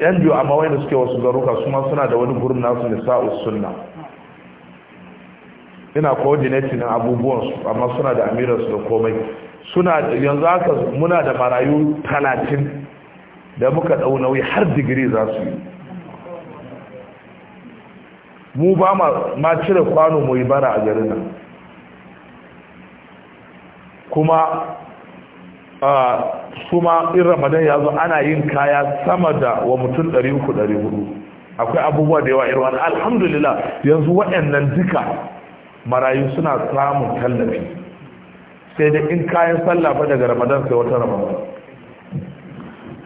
yan biyu amma wanda suke wasu garuka su ma suna da wani gurin nasu sa'us sunna ina coordinating abubuwan su amma suna da amiran su da komai suna yanzu haka muna da marayu 30 da muka dau nauyi har digiri za su yi mu ba ma cire kwano mu yi bara a garin nan kuma kuma in ramadan ya zo ana yin kaya sama da wa mutum 300-400 akwai abubuwa da yawa irwan alhamdulillah yanzu waɗannan duka marayu suna samun tallafi sai da in kayan sallah ba daga ramadan sai wata ramadan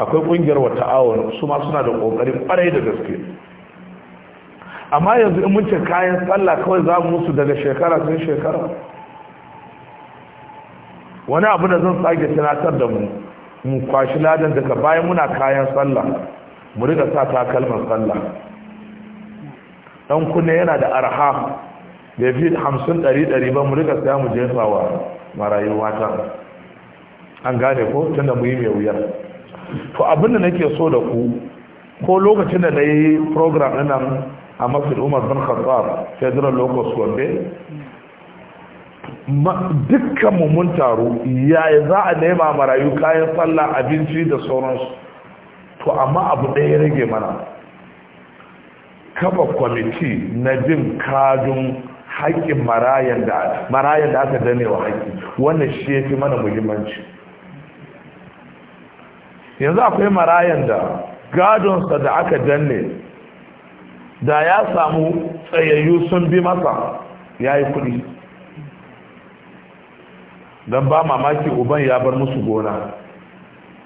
akwai ƙungiyar wata awon su ma suna da ƙoƙarin ƙwarai da gaske amma yanzu in mun ce kayan sallah kawai za mu musu daga shekara sai shekara wani abu da zan sake tunatar da mu mu kwashi ladan daga bayan muna kayan sallah mu riga sa takalman sallah dan kunne yana da arha da fi hamsin dari dari ba mu riga sa mu jefa wa marayu mata an gane ko tunda mu yi mai wuya to abinda nake so da ku ko lokacin da nayi yi program ɗin nan a masjid umar bin khattab federal local gombe dukkan mun taro yaya za a nema marayu kayan sallah abinci da sauransu to amma abu ɗaya rage mana kafa kwamiti na jin kajin haƙƙin marayan da aka danewa haƙƙi wannan shi ya fi mana muhimmanci yanzu akwai marayan da gadonsa da aka danne da ya samu tsayayyu sun bi masa ya yi kuɗi don ba mamaki uban ya bar musu gona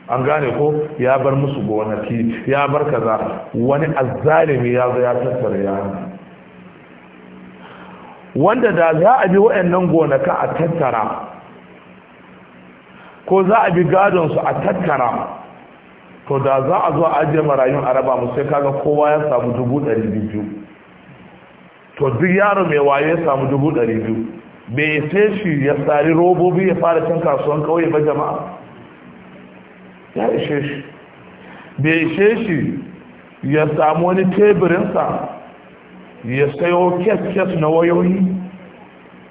an gane ko ya bar musu gonaki ya bar kaza wani azzalimi ya zo ya tattara ya wanda da za a bi waɗannan gonaka a tattara ko za a bi gadonsu a tattara to da za a zo a ajiye marayun araba mu sai kaga kowa ya samu dubu ɗari biyu to duk yaro mai waye ya samu dubu ɗari biyu bai ishe shi ya tsari robobi ya fara can kasuwan kauye ba jama'a ya ishe shi bai ishe shi ya samu wani teburinsa ya sayo kes-kes na wayoyi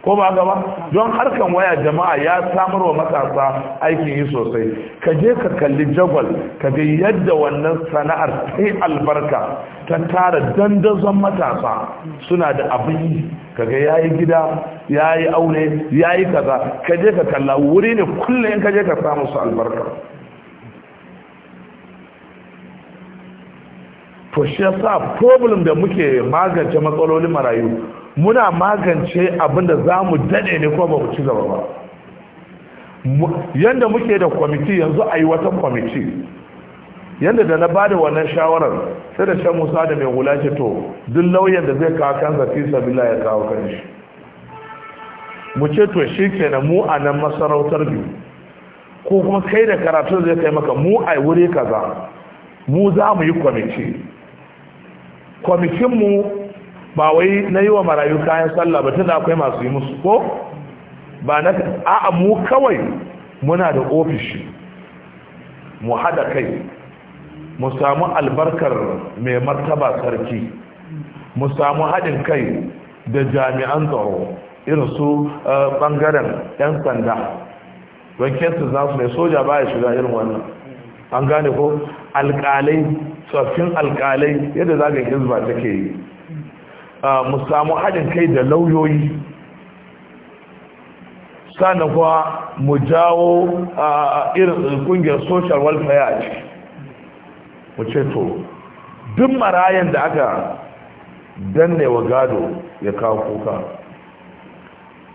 ko ba gaba don harkan waya jama'a ya samar wa matasa aikin yi sosai ka je ka kalli jagwal ka ga yadda wannan sana'ar ta albarka ta tara dandazon matasa suna da abin yi kaga yayi gida yayi aure yayi kaza kaje ka kalla wuri ne kullum in kaje ka samu su albarka to shi yasa problem da muke magance matsalolin marayu muna magance abin da za mu dade ne ko ba mu ci gaba ba yanda muke da kwamiti yanzu a yi wata kwamiti yadda da na bada wannan shawarar sai da shan musa da mai hula ce to duk lauyan da zai kawo kansa fi sabila ya kawo shi. mu ce to shi kenan mu a nan masarautar biyu ko kuma kai da karatu zai kai maka mu a wuri kaza mu za mu yi kwamiti kwamitinmu ba wai na yi wa marayu kayan sallah ba da akwai masu yi musu ko ba na a'a mu kawai muna da ofishi mu haɗa kai mu samu albarkar mai martaba sarki mu samu haɗin kai da jami'an tsaro irin su uh, ɓangaren 'yan sanda kesa za su mai soja ba ya shiga irin wannan an gane ko alƙalai tsoffin alƙalai yadda zagin hizba take yi uh, mu samu haɗin kai da lauyoyi sannan kuwa mu jawo uh, irin ƙungiyar social welfare a ciki Muce to duk marayan da aka danne wa gado ya kawo kuka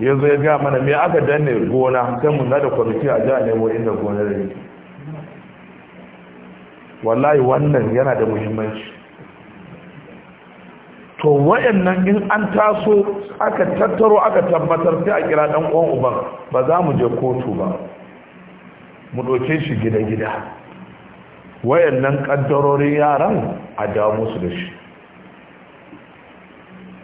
yanzu ya ga mana me aka danne gona sai mun da kwamiti a jiya nemo inda da yake wallahi wannan yana da muhimmanci to wayannan in an taso aka tattaro aka tabbatar sai a kira dan uwan uban ba za mu je kotu ba mu doke shi gida-gida wayannan kaddarorin yaran a dawo musu da shi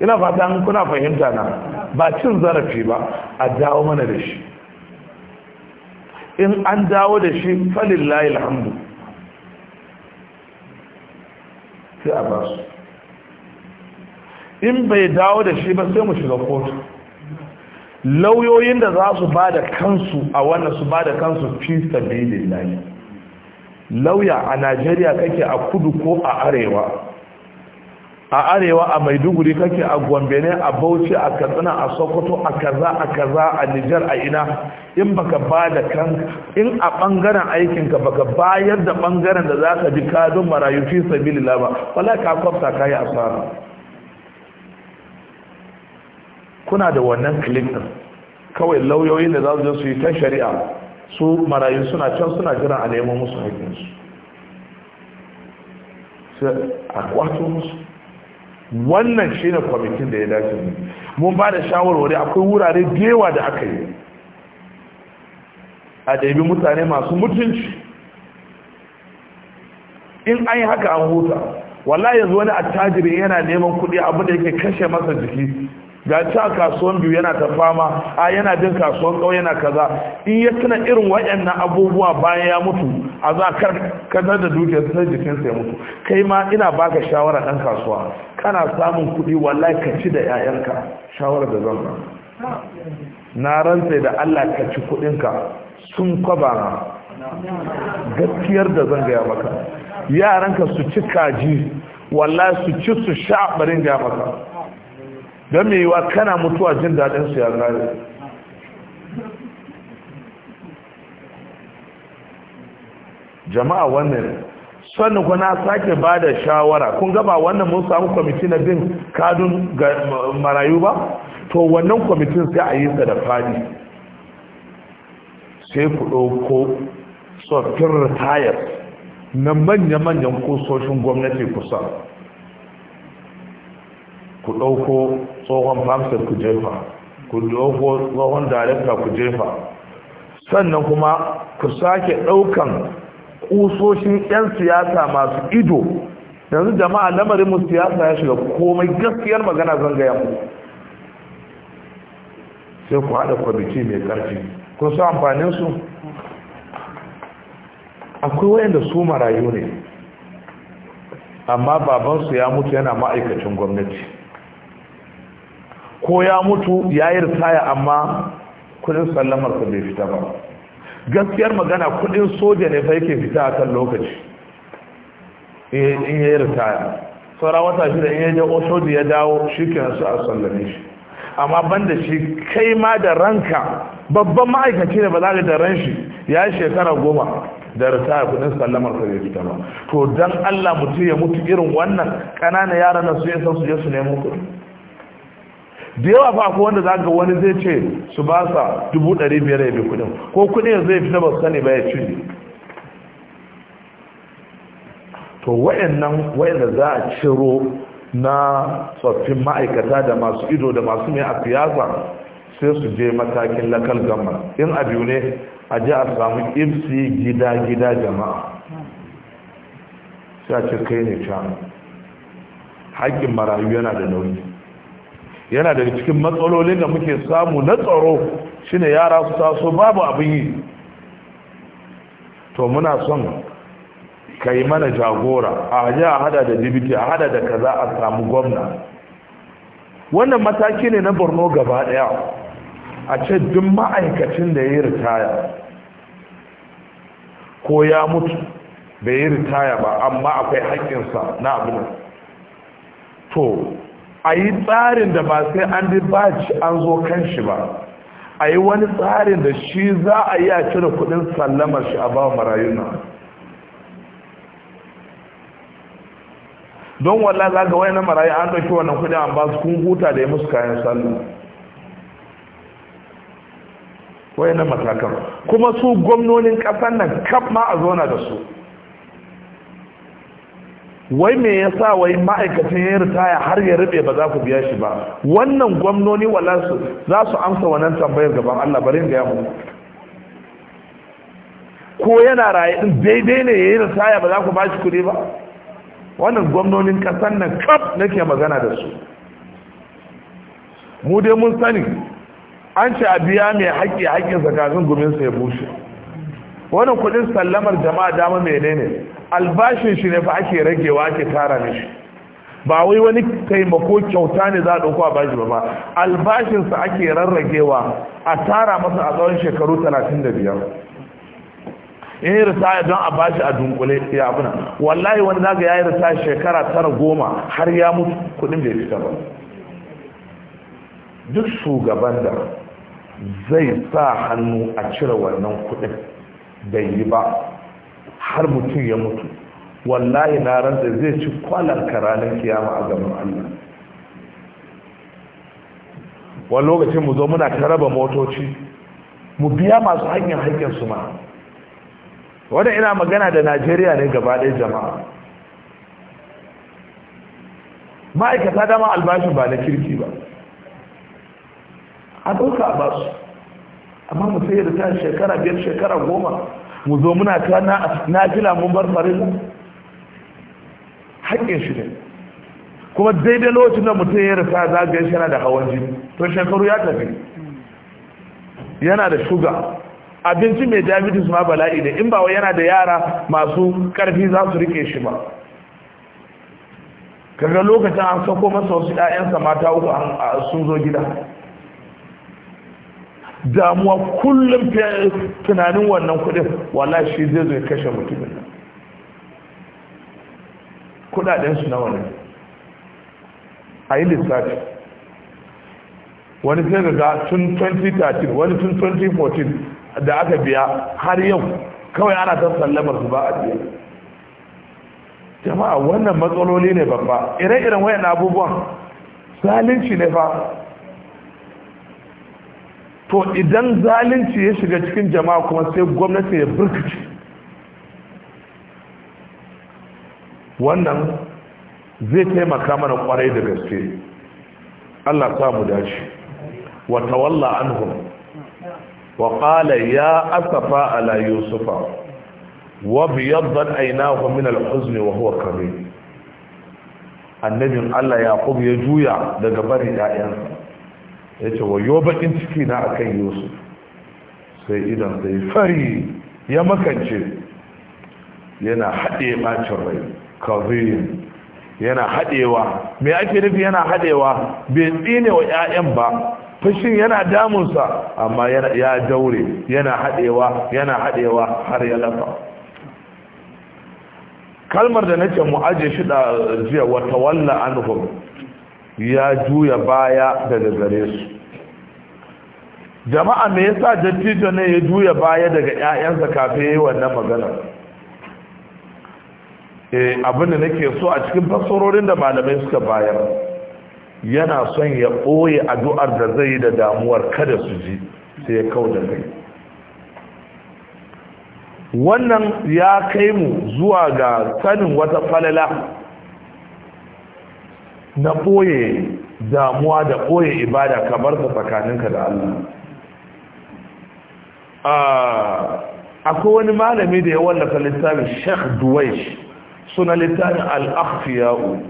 ina fatan kuna fahimta na ba cin zarafi ba a dawo mana da shi in an dawo da shi falillahi alhamdu sai a ba su in bai dawo da shi ba sai mu shiga kotu lauyoyin da za su ba da kansu a wannan su ba da kansu fi sabilillahi lauya a najeriya kake a kudu ko a arewa a arewa a maiduguri kake a gombe ne a bauchi a katsina a sokoto a kaza a kaza a nijar a ina in baka ba da kan in a bangaren aikinka baka bayar da bangaren da za ka bi kadun marayu fi sabilillah ba wala ka kwafta yi asara kuna da wannan click kawai lauyoyin da za su su yi ta shari'a su marayu suna can suna jira a neman musu haƙinsu sai a kwato musu wannan shi ne kwamitin da ya dace ne mun ba da shawarwari akwai wurare gewa da aka yi a ɗabi mutane masu mutunci in an yi haka an huta wala yanzu wani attajiri yana neman kuɗi abinda yake kashe masa jiki ga ta a kasuwan biyu yana ta fama a yana jin kasuwan ƙauye yana kaza in ya tuna irin waɗannan abubuwa bayan ya mutu a za kadar da dukiyar ta jikinsa ya mutu kai ma ina baka shawara ɗan kasuwa kana samun kuɗi wallahi ka ci da 'ya'yanka shawara da zan ba na rantse da Allah ka ci kuɗinka sun kwaba na gaskiyar da zan gaya maka yaranka su ci kaji wallahi su ci su sha barin gaya maka don mai yiwa kana mutuwa jin daɗin su ya gare jama'a wannan sannan ku na sake ba da shawara kun gaba wannan mun samu kwamiti na bin kadun ga marayu ba to wannan kwamitin sai a yi sa da fadi sai ku ɗauko tsoffin ritayar na manya-manyan kusoshin gwamnati kusa ku ɗauko tsohon famsar ku jefa ku ɗauko tsohon darekta ku jefa sannan kuma ku sake ɗaukan ƙusoshin 'yan siyasa masu ido yanzu jama'a lamarin mu siyasa ya shiga komai gaskiyar magana zan gaya mu sai ku haɗa kwamiti mai ƙarfi kun sa amfanin su akwai wayanda su marayu ne amma babansu ya mutu yana ma'aikacin gwamnati ko ya mutu ya yi ritaya amma kudin sallamar su bai fita ba gaskiyar magana kudin soja ne fa yake fita a kan lokaci eh, in ya yi ritaya saura wata shida in ya je soja ya dawo shi ke su a sallame shi amma ban da shi kai ma da ranka babban ma'aikaci ne ba za da ran shi ya yi shekara goma da ritaya kudin sallamar ka bai fita ba to dan Allah mutum ya mutu irin wannan ƙananan yaran su ya san su je su nemo kuɗi da yawa fa ko wanda zaka wani zai ce su ba sa dubu biyar bi kudin, ko kuɗin zai fita ba sani ba ya cinye to wayannan wayanda za a ciro na tsoffin ma'aikata da masu ido da masu mai a sai su je matakin lakal gama in a biyu ne a ji a samu ifsi gida-gida jama'a sai a ce kai ne can haƙƙin marayu yana da nauyi yana daga cikin matsalolin da muke samu na tsaro shine yara su taso babu abin yi to muna son ka yi mana jagora a hajji a hada da dibiti a hada da kaza a samu gwamna wannan mataki ne na borno gaba daya a ce duk ma'aikacin da ya yi ritaya ko ya mutu bai yi ritaya ba amma akwai haƙƙinsa na abin to a yi tsarin da ba sai an bi ci an zo kan shi ba a yi wani tsarin da shi za a yi a cire kudin sallamar shi a bawa marayuna don walla za ga wani marayu an ɗauki wannan kudin an ba su kun huta da ya musu kayan sallu wani matakan kuma su gwamnonin ƙasar nan kaf ma a zona da su wai me yasa wai ma'aikacin ya ritaya har ya rube ba za ku biya shi ba wannan gwamnoni wala za su amsa wannan tambayar gaban Allah bari ga yamu ko yana raye din daidai ne yayi ritaya ba za ku bashi kuɗi ba wannan gwamnonin kasan nan kaf nake magana da su mu dai mun sani an ce a biya mai haƙƙi haƙƙin kafin gumin sa ya bushe wannan kudin sallamar jama'a dama menene albashin shi ne fa ake ragewa ake tara mishi ba wai wani taimako kyauta ne za a ɗauko a bashi ba albashinsa ake rarragewa a tara masa a tsawon shekaru 35 in yi ritaya don a bashi a dunkule ya abuna wallahi wani zaga ya yi ritaya shekara tara goma har ya mutu kudin bai fita ba duk shugaban da zai sa hannu a cire wannan kudin bai yi ba har mutum ya mutu wallahi na rantsa zai ci kwalar ranar kiyama a gaban Allah wani lokacin mu zo muna ta raba motoci mu biya masu hanyar haƙƙin su ma wanda ina magana da Najeriya ne gaba ɗaya jama'a ma'aikata dama albashin ba na kirki ba a ɗauka a basu amma mu sai da ta shekara biyar shekara goma mu zo muna ta na jila mun bar farin haƙƙin shi ne kuma daidai lokacin da mutum ya rasa zagayen shi yana da hawan jini to shekaru ya tafi yana da shuga abinci mai diabetes ma bala'i ne in ba yana da yara masu karfi za su rike shi ba kaga lokacin an sako masa wasu 'ya'yansa mata uku sun zo gida damuwa kullum tunanin wannan kudin wala shi zai zo kashe mutumin nan kudadensu na wani a yi lissafi wani sai ga tun 2013 wani tun 2014 da aka biya har yau kawai ana ta sallamar su ba a biya jama'a wannan matsaloli ne babba ire-iren wayan abubuwan zalunci ne fa to idan zalunci ya shiga cikin jama'a kuma sai gwamnati ya birkice wannan zai taimaka mana kwarai da gaske Allah ta mu dace wa tawalla anhum wa qala ya asafa ala yusufa wa biyaddat aynahu min al-huzn wa huwa kabir annabin Allah yaqub ya juya daga bari 'ya'yansa ya ce wa bakin ciki na a kan yusuf sai idan sai fari ya makance yana haɗe ɓacin rai kazin yana haɗewa mai ake nufi yana haɗewa bai tsine wa 'ya'yan ba fashin yana damunsa amma ya daure yana haɗewa yana haɗewa har ya lafa kalmar da nake mu ajiye shi da jiya wata walla anhum ya juya baya daga gare su jama'a me yasa dattijo ne ya juya baya daga ƴaƴansa kafin yayi wannan magana eh abin da nake so a cikin fassarorin da malamai suka bayar yana son ya ɓoye addu'ar da zai yi da damuwar kada su ji sai ya kauda kai wannan ya kai mu zuwa ga sanin wata falala na ɓoye damuwa da ɓoye ibada kamar da tsakaninka da Allah akwai wani malami da ya wallafa littafin sheikh duwaish suna littafin al'afiya'u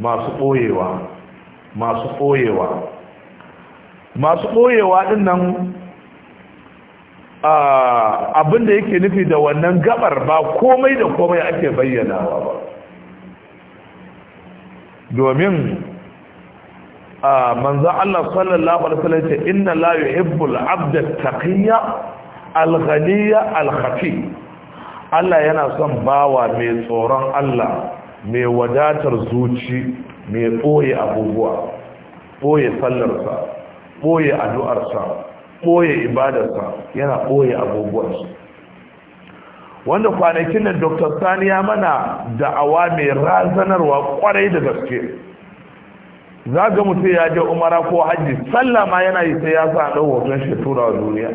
masu ɓoyewa masu ɓoyewa masu ɓoyewa ɗin nan abinda yake nufi da wannan gabar ba komai da komai ake bayyanawa ba domin a manzo Allah sallallahu alaihi wasallam ce inna la yuhibbul abda taqiyya al-ghaniya al-khafi Allah yana son bawa mai tsoron Allah mai wadatar zuci mai ɓoye abubuwa ɓoye sallarsa ɓoye addu'arsa ɓoye ibadarsa yana ɓoye abubuwansa wanda kwanakin nan dr sani ya mana da'awa mai razanarwa kwarai da gaske za ga mutum ya je umara ko hajji sallah ma yana yi sai ya sa ɗau hoton shi tura wa duniya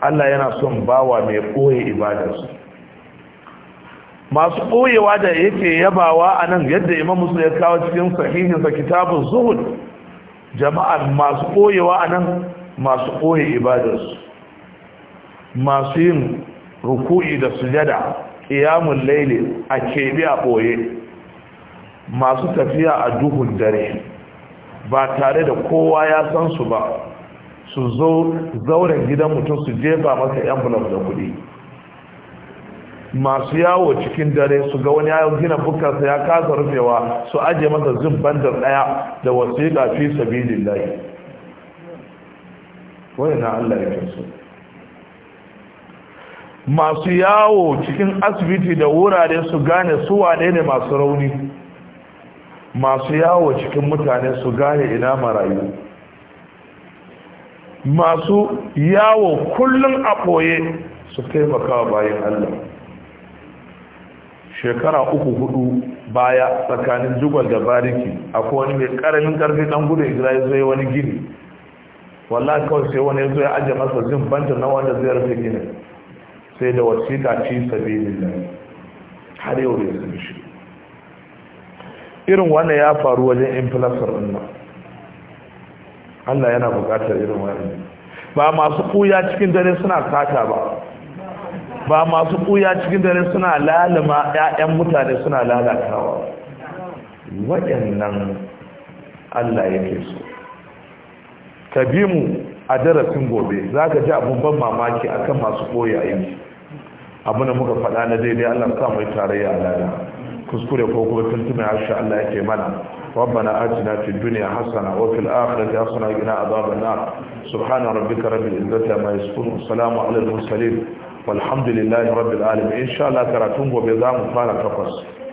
Allah yana son bawa mai ɓoye ibadarsu masu ɓoyewa da yake yabawa a nan yadda imam musu ya kawo cikin sahihinsa kitabun zuhud jama'a masu ɓoyewa a nan masu ɓoye ibadarsu masu yin ruku'i da sujada ƙiyamun laili a keɓe a ɓoye masu tafiya a duhun dare ba tare da kowa ya san su ba su zo zauren gidan mutum su jefa masa envelope da kuɗi masu yawo cikin dare su ga wani yawon gina bukarsa ya kasa rufewa su aje masa daya da ɗaya da wasiƙa fi sabilillahi wani na allah ya fi masu yawo cikin asibiti da wurare su gane su wane ne masu rauni masu yawo cikin mutane su gane ina marayu masu yawo kullum a ɓoye su taimaka bayan allah shekara uku hudu baya tsakanin jugal da bariki akwai wani mai karamin karfi dan gudu ya zai wani gini wallahi kawai sai wani ya zo ya ajiye masa zin banta na wanda zai rufe ginin sai da wasiƙa ci sabilin nan har yau da sun shi irin wannan ya faru wajen infilasar din Allah yana buƙatar irin wannan ba masu kuya cikin dare suna kata ba ba masu kuya cikin dare suna lalama 'ya'yan mutane suna lalatawa waɗannan Allah yake so ka bi mu a darasin gobe za ka ji abubban mamaki mamaki akan masu ɓoye aiki abin da muka faɗa na daidai Allah sa mai tarayya a lada kuskure ko kuma tuntuna ya shi Allah yake mana rabbana atina fid dunya hasana wa fil akhirati hasana ila adhaban nar subhana rabbika rabbil izzati amma yasifun assalamu ala al mursalin walhamdulillahi rabbil alamin insha Allah karatun gobe za mu fara takwas